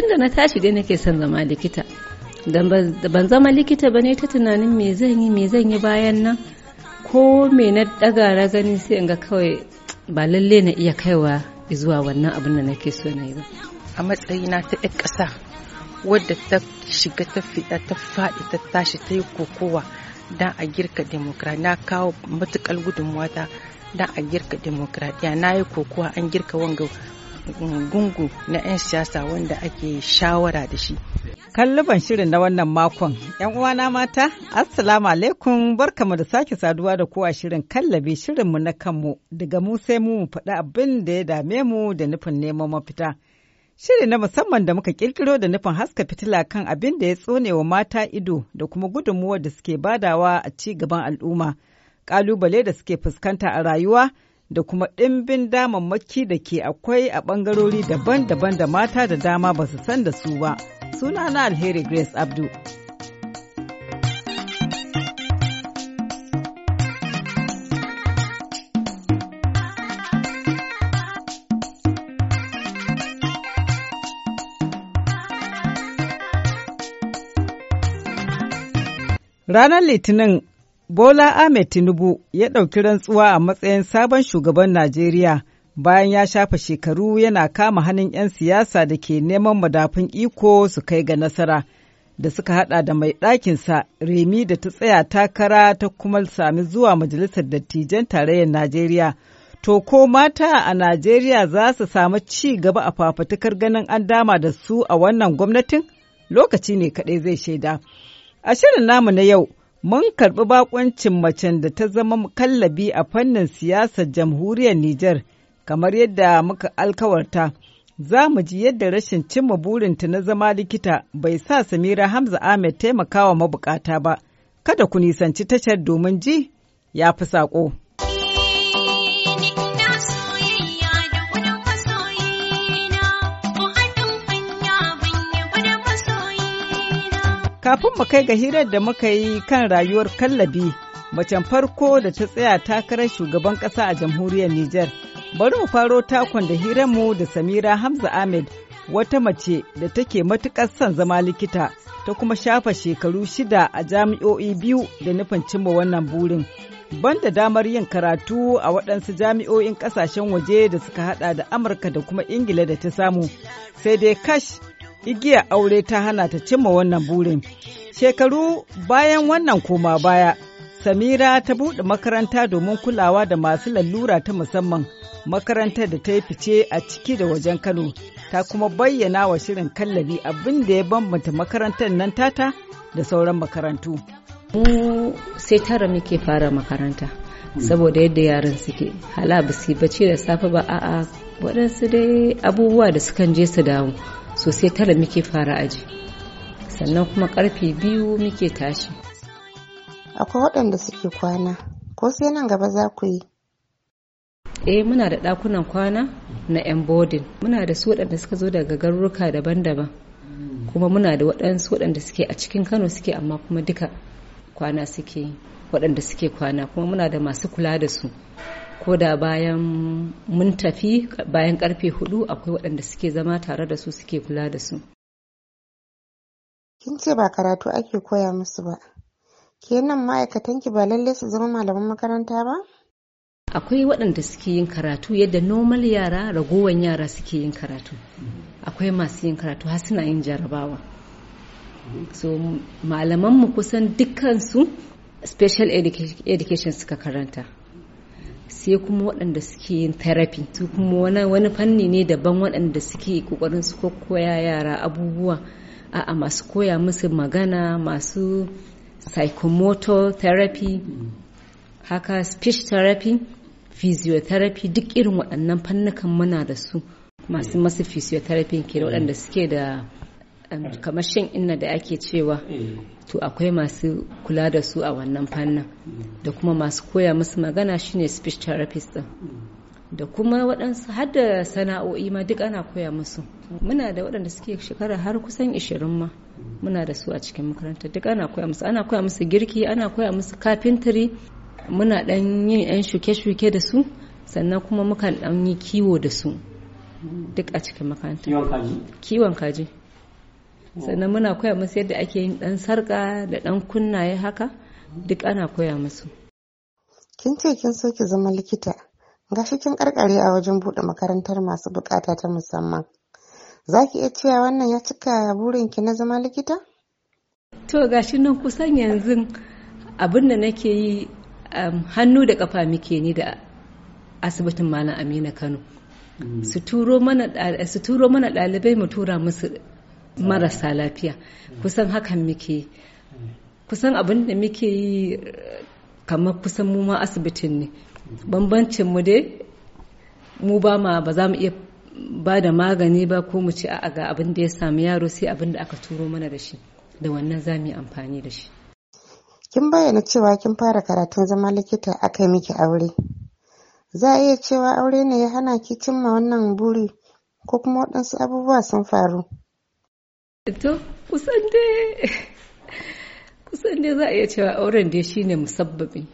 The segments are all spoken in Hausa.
tun da na tashi dai nake son zama likita ban zama likita ba ne ta tunanin me zan yi me zan yi bayan nan ko me na daga na gani sai in ga kawai ba lalle na iya kaiwa zuwa wannan abin da nake so na yi ba a matsayina ta ƙasa wadda ta shiga ta fiɗa ta faɗi ta tashi ta yi kokowa don a girka demokradiyya na kawo matuƙar gudunmuwa ta don a girka demokradiyya na yi kokowa an girka wanga gungu na 'yan siyasa wanda ake shawara da shi. Kalluban shirin na wannan makon, 'yan uwana mata, Assalamu alaikum barkamu da sake saduwa da kowa shirin kallabi shirinmu na kanmu daga mu sai mu faɗi abin da ya dame mu da nufin neman mafita. Shirin na musamman da muka kirkiro da nufin haska fitila kan abin da ya tsone wa mata ido da kuma gudunmuwa da suke badawa a ci gaban al'umma, ƙalubale da suke fuskanta a rayuwa. da kuma ɗimbin damammaki da ke akwai a ɓangarori daban-daban da mata da dama ba su san da su ba. Suna na Alheri Grace Abdu. Ranar Litinin Bola Ahmed Tinubu ya ɗauki rantsuwa a matsayin sabon shugaban Najeriya bayan ya shafa shekaru yana kama hannun 'yan siyasa da ke neman madafun iko su kai ga nasara da suka hada da mai ɗakinsa Remi da ta tsaya takara ta kuma sami zuwa Majalisar Dattijan Tarayyar Najeriya. To ko mata a Najeriya za su samu ci gaba a fafatukar ganin an dama da su a wannan gwamnatin? Lokaci ne kaɗai zai shaida. A shirin namu na yau, Mun karɓi bakuncin macen da ta zama kallabi a fannin siyasar jamhuriyar Nijar, kamar yadda muka alkawarta. Za mu ji yadda rashin cimma burinta na zama likita bai sa Samira Hamza Ahmed taimakawa mabukata ba. Kada ku nisanci tashar domin ji ya fi saƙo. Kafin mu kai ga hirar da muka yi kan rayuwar kallabi, macen farko da ta tsaya takarar shugaban ƙasa a jamhuriyar Nijar. Bari mu faro takon da mu da Samira Hamza Ahmed, wata mace da take matuƙar son zama likita, ta kuma shafa shekaru shida a jami'o'i biyu da nufin cimma wannan burin. Banda damar yin karatu a waɗansu jami'o'in ƙasashen waje da suka haɗa da Amurka da kuma Ingila da ta samu, sai dai kash igiya aure ta hana ta cimma wannan burin. Shekaru bayan wannan koma baya, Samira ta buɗe makaranta domin kulawa da masu lalura ta musamman, makarantar da ta yi fice a ciki da wajen Kano, ta kuma bayyana wa shirin kallabi abin da ya bambanta makarantar nan tata da sauran makarantu. Mu sai tara muke fara makaranta, saboda yadda yaran suke, hala ba su da safe ba a'a waɗansu dai abubuwa da sukan je su dawo. so sai tara muke fara aji sannan kuma karfe biyu muke tashi akwai waɗanda suke kwana ko sai nan gaba za ku yi eh muna da ɗakunan kwana na yan bodin muna da su waɗanda suka zo daga garuruka daban-daban kuma muna da waɗansu waɗanda suke a cikin kano suke amma kuma duka kwana suke waɗanda suke kwana kuma muna da masu kula da su ko da bayan mun tafi bayan karfe hudu akwai waɗanda suke zama tare da su suke kula da su kin ce ba karatu ake koya musu ba kenan ma'aikatanki ba lalle su zama malaman makaranta ba akwai waɗanda suke yin karatu yadda normal yara ragowan yara suke yin karatu akwai masu yin karatu har suna yin jarabawa so malamanmu kusan dukkansu special education suka karanta sai kuma waɗanda suke yin therapy su kuma wani fanni ne daban waɗanda suke kokarin su koya yara abubuwa a'a masu koya musu magana masu psychomotor therapy haka speech therapy physiotherapy duk irin waɗannan fannukan muna da su masu masu physiotherapy ke waɗanda suke da Um, kamar shan inna da ake cewa to akwai masu kula da su a wannan fannin da kuma masu koya musu magana shine speech therapist din da kuma waɗansu har da sana'o'i ma duk ana koya musu muna da waɗanda suke shekara har kusan 20 ma muna da su a cikin makaranta duk ana koya musu ana koya musu girki ana koya musu kafintiri muna ɗan yin 'yan shuke-shuke da su sannan kuma mukan ɗan yi kiwo da su duk a cikin makaranta kiwon kaji sannan muna koya musu yadda ake yin dan sarka da dan kunnaye haka duk ana koya musu kin ce kin so ki zama likita gashi kin karkare a wajen bude makarantar masu bukata ta musamman za ki iya cewa wannan ya cika burin ki na zama likita to gashi nan kusan yanzu abin da nake yi hannu da kafa muke ni da asibitin malam amina kano mm. su turo mana ɗalibai mu tura musu marasa lafiya kusan hakan muke kusan abin da muke yi kamar kusan mu ma asibitin ne bambancin mu dai mu ba ma ba za mu iya ba da magani ba ko mu ci a ga abin da ya samu yaro sai abin da aka turo mana da shi da wannan za mu yi amfani da shi kin bayyana cewa kin fara karatun zama likita aka yi miki aure za a iya cewa aure ne ya hana ki cimma wannan buri ko kuma waɗansu abubuwa sun faru To, kusan dai kusan dai za a iya cewa auren dai shine musabbabin.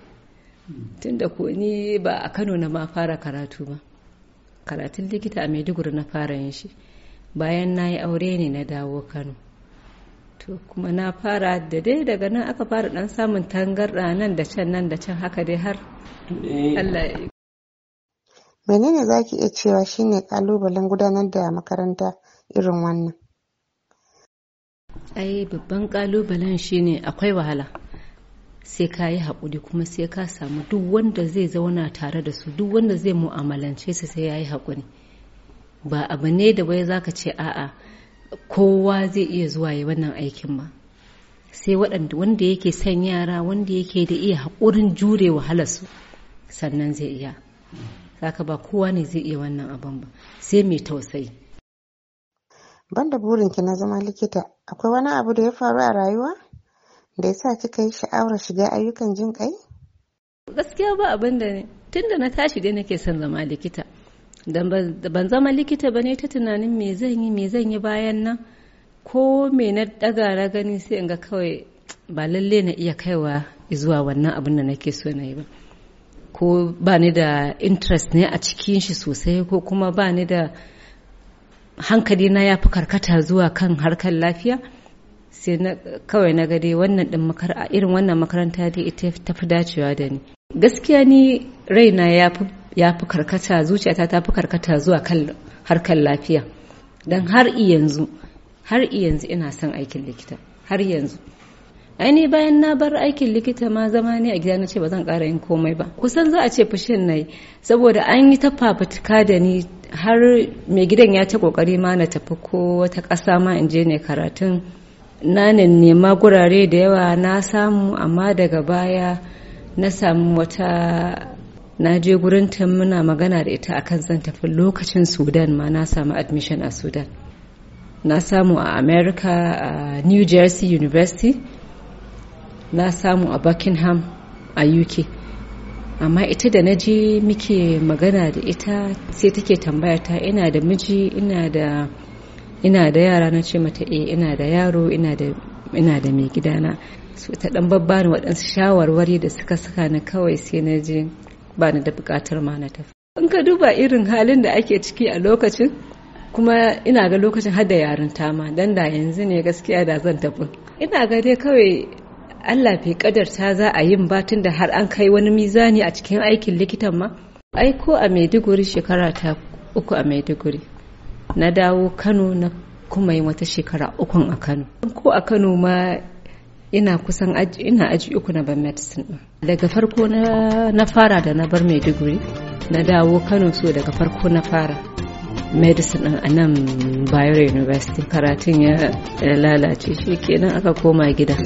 Tunda ko ni ba a Kano na ma fara karatu ba. Karatun likita a Maiduguri na fara yin shi. Bayan na yi aure ne na dawo Kano. To kuma na fara da dai daga nan aka fara dan samun tangarɗa nan da can nan da can haka dai har. Eh. Allah Menene za ki iya cewa shine kalubalen gudanar da makaranta irin wannan? ai babban kalubalen shine akwai wahala sai ka yi haƙuri kuma sai ka samu duk wanda zai zauna tare da su duk wanda zai mu'amalance su sai ya yi haƙuri ba abu ne da wai zaka ce a'a kowa zai iya zuwa yi wannan aikin ba sai waɗanda wanda yake son yara wanda yake da iya haƙurin jure wahalarsu sannan zai iya saka ba kowa ne zai iya wannan abin ba sai mai tausayi Banda burin ki na zama likita, akwai wani abu da ya faru a rayuwa? Da ya sa kika yi sha'awar shiga ayyukan jin kai Gaskiya ba abin da ne, tun da na tashi dai nake son zama likita. da ban zama likita ba ne ta tunanin me zan yi me zan yi bayan nan ko me na na gani sai in ga kawai ba lalle na iya kaiwa zuwa wannan abin da nake so na yi ba. Ko ba ni da interest ne a cikin shi sosai ko kuma ba ni da hankali na ya fi karkata zuwa kan harkar lafiya sai na kawai na gade wannan din makaranta irin wannan makaranta dai ita ta fi dacewa da ni gaskiya ni raina ya fi karkata zuciyata ta fi karkata zuwa kan harkar lafiya don har yanzu har yanzu ina son aikin likita har yanzu aini bayan na bar aikin likita ma zama ne a gida na ce ba zan ƙara yin komai ba kusan za a ce fushin na yi saboda an yi ta da ni har mai gidan ya ta kokari ma na tafi ko wata ƙasa ma in je ne karatun na nema gurare da yawa na samu amma daga baya na samu wata na je gurin ta muna magana da ita akan zan tafi lokacin sudan ma na samu admission a sudan na samu a america a new jersey university na samu a buckingham a uk amma ita da na je muke magana da ita sai take tambaya ta ina da miji ina da ina da yara na ce mata eh ina da yaro ina da ina da mai gidana su ta dan babbani waɗansu shawarwari da suka saka na kawai sai na je ba ni da buƙatar ma na tafi in ka duba irin halin da ake ciki a lokacin kuma ina ga lokacin hada yarinta ma dan da yanzu ne gaskiya da zan tafi ina ga dai kawai Allah kadar kadarta za a yin batun da har an kai wani mizani a cikin aikin likitan ma Aiko a Maiduguri shekara ta uku a Maiduguri na dawo Kano na kuma yi wata shekara ukun a Kano ko a Kano ma ina kusan aji ina aji uku na ban medicine din daga farko na na fara da na bar Maiduguri na dawo Kano so daga farko na fara medicine a nan Bayero University karatun ya lalace shi kenan aka koma gida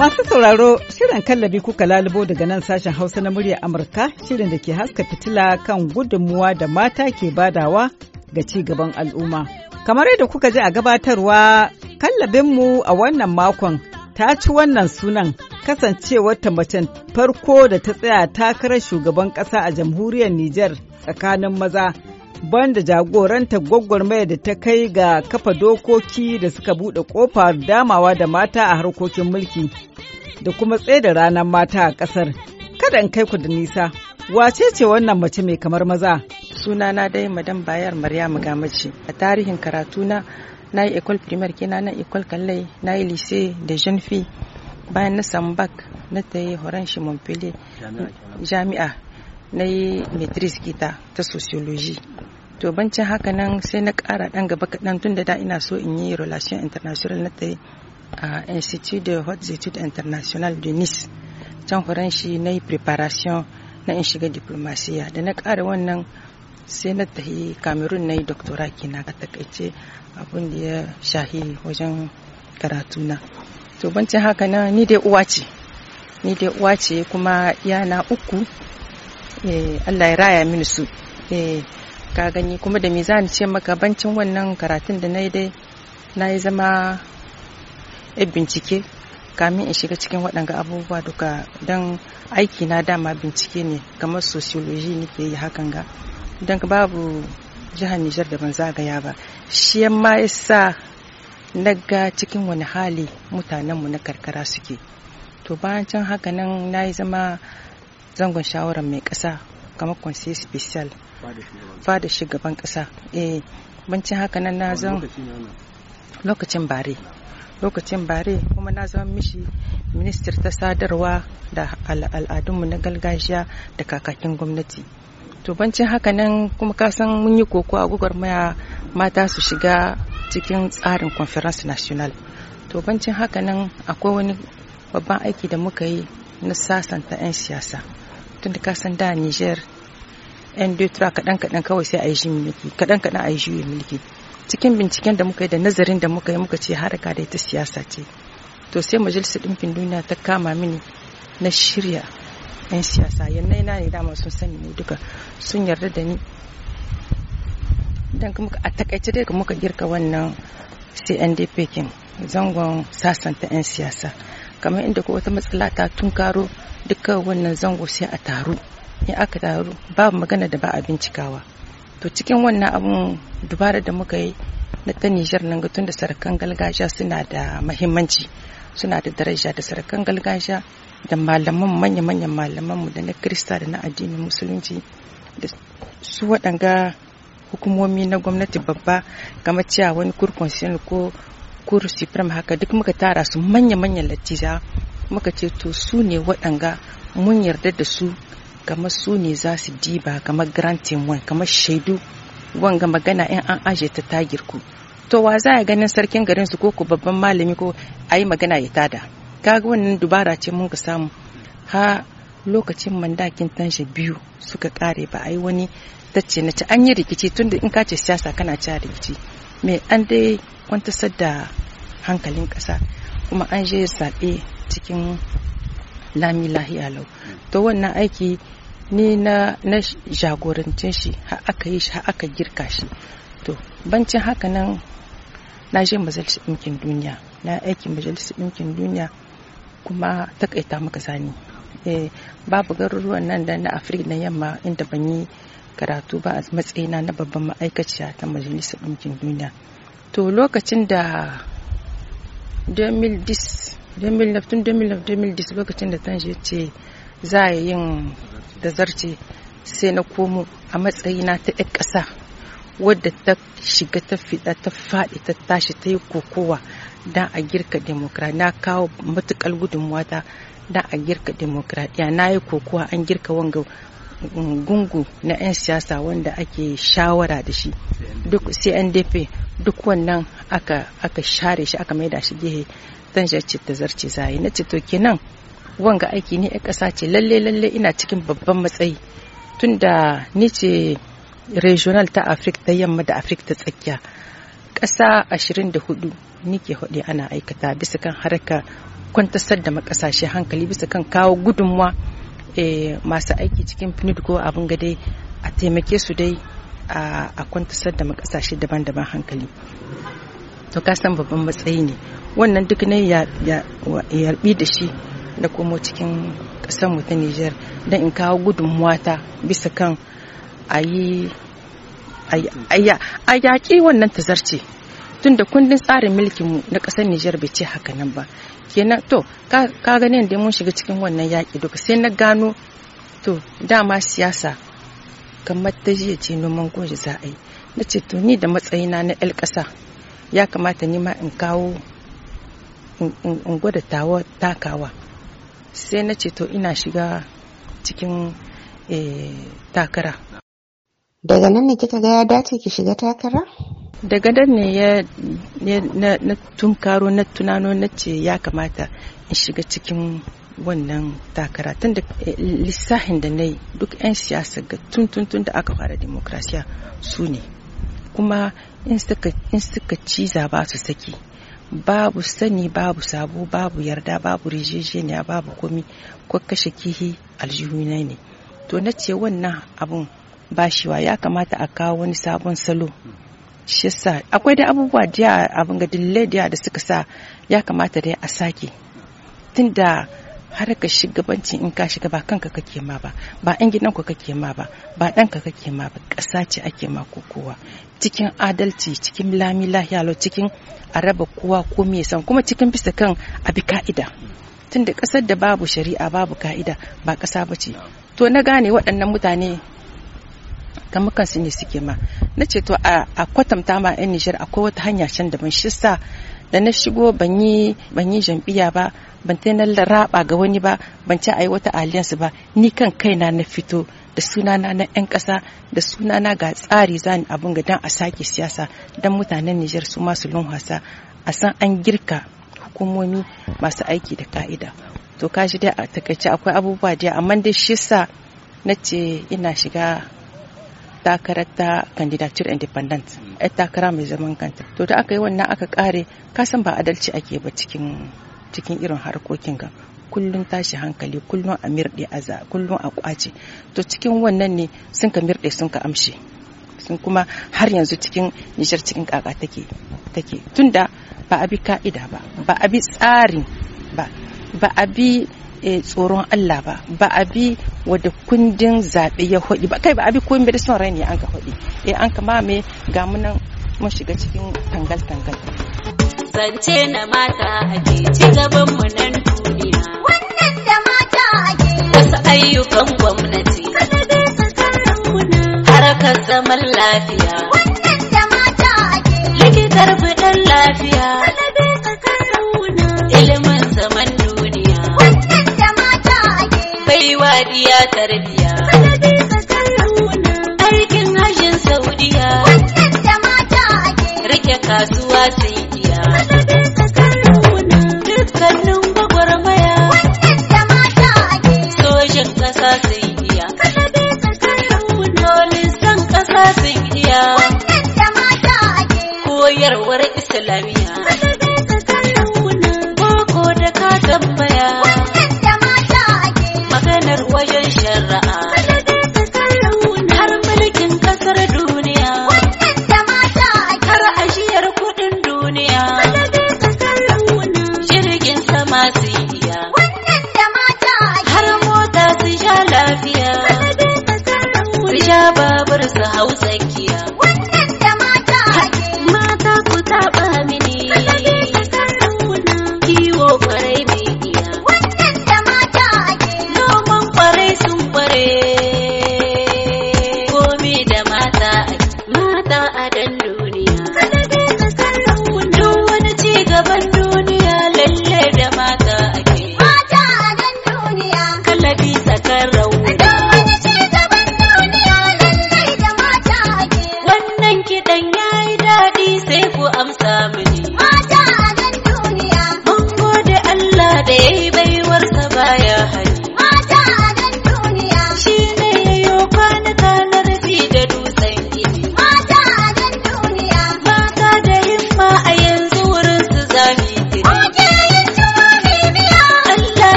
Masu sauraro shirin kallabi kuka lalubo daga nan sashen Hausa na murya Amurka shirin da ke haska fitila kan gudunmuwa da mata ke badawa ga ci gaban al'umma. Kamar yadda kuka ji a gabatarwa kallabinmu a wannan makon ta ci wannan sunan kasancewar ta macen farko da ta tsaya takarar shugaban ƙasa a jamhuriyar Nijar tsakanin maza banda jagoranta gwagwarmaya da ta kai ga kafa dokoki da suka buɗe ƙofar damawa da mata a harkokin mulki da kuma da ranar mata a ƙasar. Kada in kai ku da nisa, wace ce wannan mace mai kamar maza? Sunana dai madan bayar marya magamaci A tarihin karatuna na yi ekwal primaire kina na ekwal kallai na yi lise da jeune bayan na sambak na ta yi horon shi jami'a na yi matrix gita ta sociology to bancin haka nan sai na ƙara dan gaba kaɗan tun da da ina so in yi relation international na ta a institut de haute études international de nice can shi na yi preparation na in shiga diplomasiya da na kara wannan sai na yi cameroon na yi doctora kina a takaice abin da ya shahi wajen karatuna to bancin haka nan ni dai uwa ce ni dai uwa ce kuma yana uku Eh, Allah ya raya mini su eh, ka gani kuma da me zan ce maka bancin wannan karatun da na yi dai na yi zama bincike kamin in shiga cikin waɗanga abubuwa duka don aiki na dama bincike ne kamar sociology nake yi hakan ga don babu jihar Nijar da ban zagaya ba shi ma yasa na ga cikin wani hali mutanenmu na karkara suke to bayan can haka nan na yi zama zangon shawarar mai ƙasa kamar kwanse special fada shugaban ƙasa eh bancin haka nan na zan lokacin bare lokacin bare kuma na zama mishi ministir ta sadarwa da al'adunmu na gargajiya da kakakin gwamnati to bancin haka nan kuma kasan mun yi koko a gwagwarmaya mata su shiga cikin tsarin conference national to bancin haka nan akwai wani babban aiki da muka yi na sasanta 'yan siyasa tun da kasan da niger 'yan dutra kaɗan-kaɗan kawai sai a yi juyin mulki kaɗan-kaɗan a yi juyin mulki cikin binciken da muka yi da nazarin da muka yi muka ce haraka da ita siyasa ce to sai majalisar ɗinkin duniya ta kama mini na shirya 'yan siyasa yanna yana ne dama sun sani mu duka sun yarda da ni dan kuma a takaice dai muka girka wannan cndp kin zangon sasanta 'yan siyasa kamar inda ko wata matsala ta tunkaro dukkan wannan zango sai a taru in aka taru babu magana da ba a bincikawa to cikin wannan abun dubara da muka yi na ta nijar nan tun da sarakan gargajiya suna da mahimmanci suna da daraja da sarakan gargajiya da malaman manya-manyan malamanmu da na krista da na addinin musulunci da su waɗanga hukumomi na gwamnati babba kamar cewa wani kurkon ko cour supreme haka duk muka tara su manya-manyan lattiza muka ce to su ne waɗanga mun yarda da su gama su ne za su diba gama grantin wan gama shaidu wanga magana in an aje ta tagirku to wa za a ganin sarkin garin su ko babban malami ko a yi magana ya tada kaga wannan dubara ce mun ka samu ha lokacin mandakin tanshe biyu suka kare ba a yi wani tacce na ci an yi rikici tunda in ka ce siyasa kana ci rikici mai an dai kwantasar da hankalin kasa kuma an je zaɓe cikin lami lahiya lau to wannan aiki ni na jagorancin shi ha aka yi shi ha aka girka shi to bancin haka nan na je majalisar ɗinkin duniya na aiki majalisar ɗinkin duniya kuma takaita maka sani eh, babu garuruwan nan da na afirka na yamma inda ban yi karatu ba a matsayina na babban ma'aikaciya ta majalisar ɗinkin duniya to lokacin da 2010 lokacin da tanshi ce za a yin da zarce sai na komo a matsayina ta 'yan ƙasa wadda ta shiga ta fida ta faɗi ta tashi ta yi kokowa don a girka demokra na kawo matukar gudunmuwa ta don a girka demokradiyya na yi kokowa an girka wanga gungu na 'yan siyasa wanda ake shawara da shi duk cndp duk wannan aka, aka share shi aka maida shi gehe zan ce ta zarce zaye na ce to kenan wanga aiki ne 'yan ƙasa ce lalle lalle ina cikin babban matsayi tunda ni ce regional ta afirka ta yamma da afirka ta tsakiya ƙasa 24 nike hudu ana aikata bisa kan harka kwantasar da makasashe hankali bisa kan kawo gudunmawa. Eh, masu aiki cikin ko abin ga dai a taimake su dai a kwantasar da makasashe daban-daban hankali to kasan babban matsayi ne wannan duk ne yarbi da shi na komo cikin kasan mu ta Nijar don in kawo gudunmuwa ta bisa kan a yi a yaƙi wannan tazarce tun da kundin tsarin mulkinmu na kasar Nijar bai ce haka nan ba kenan to ka gani da mun shiga cikin wannan yaƙi duka sai na gano to dama siyasa kamar ta jiya ce noman goji za a yi na ce to ni da matsayina na 'yan ƙasa ya kamata ni ma in kawo in gwada tawa takawa sai na ce to ina shiga cikin eh, takara daga nan ne kika ga ya dace ki shiga takara daga dan ne ya na tunkaro na tunano na ce ya kamata in shiga cikin wannan takara tun da eh, lissahin da na yi duk 'yan siyasa ga tun da aka fara demokrasiya su ne kuma in suka ciza ba su saki babu sani babu sabo babu yarda babu rijejeniya babu komi ko kashe kihi aljihuna ne to na ce wannan abun bashiwa ya kamata a kawo wani sabon salo shi akwai da abubuwa da abin ga dille da suka sa ya kamata dai a sake tunda har ka shugabanci in ka shiga ba kanka kake ma ba ba yan gidan ku kake ma ba ba ka kake ma ba ƙasa ce ake ma ko kowa cikin adalci cikin lami lo cikin a raba kowa ko me san kuma cikin bisa kan abi ka'ida tunda ƙasar da babu shari'a babu ka'ida ba ƙasa ba ce to na gane waɗannan mutane kamar kansu ne suke ma na ce to a kwatanta ma 'yan nijar akwai wata hanya can da ban da na shigo ban yi jam'iyya ba ban ta na raba ga wani ba ban ci a yi wata aliyansu ba ni kan kaina na fito da sunana na 'yan ƙasa da sunana ga tsari zani abin ga don a sake siyasa don mutanen nijar su masu lunhasa a san an girka hukumomi masu aiki da ka'ida to kashi dai a takaice akwai abubuwa dai amma dai shi sa na ce ina shiga takarar ta candidature independent yar takara mai zaman kanta to da aka yi wannan aka kare kasan ba adalci ake ba cikin cikin irin harkokin ga kullum tashi hankali kullum a mirɗe a za kullum a kwace to cikin wannan ne sun ka mirɗe sun ka amshe sun kuma har yanzu cikin nishar cikin kaka take take tunda ba a bi ka'ida ba ba a bi tsarin ba ba a bi eh, tsoron Allah ba ba a bi wadda kundin zaɓe ya hudi ba kai ba abi komai da son rai ne an ka hudi eh an ka mame ga mu nan mun shiga cikin tangal tangal zance na mata ke ci gaban mu nan duniya wannan da mata ke wasu ayyukan gwamnati kada dai tsakarin mu na harkar zaman lafiya wannan da mata ke likitar bidan lafiya kada yi wa tarbiya. Aikin hajjin Saudiya. Rike kasuwa sai diya. Dukkanin gwagwarmaya. Sojin ƙasa sai diya. Salabi ƙasa sai diya. Wannan da Koyarwar Islamiyya.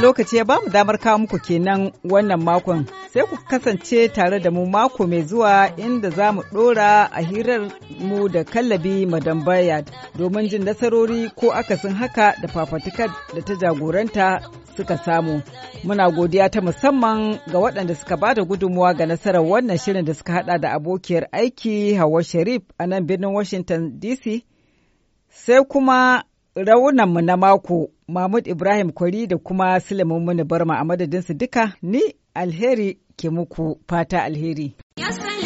da lokaci ya bamu damar kawo muku kenan wannan makon sai ku kasance tare da mu mako mai zuwa inda za mu ɗora a hirar mu da kallabi madam bayad domin jin nasarori ko akasin haka da fafatikar da ta jagoranta suka samu muna godiya ta musamman ga waɗanda suka ba da gudunmuwa ga nasarar wannan shirin da suka hada da abokiyar aiki hawa sharif a nan birnin washington dc sai kuma raunanmu na mako Mahmud Ibrahim Kwari da kuma Sulaiman Muni Barma a madadinsu duka ni alheri ke muku fata alheri. Yes,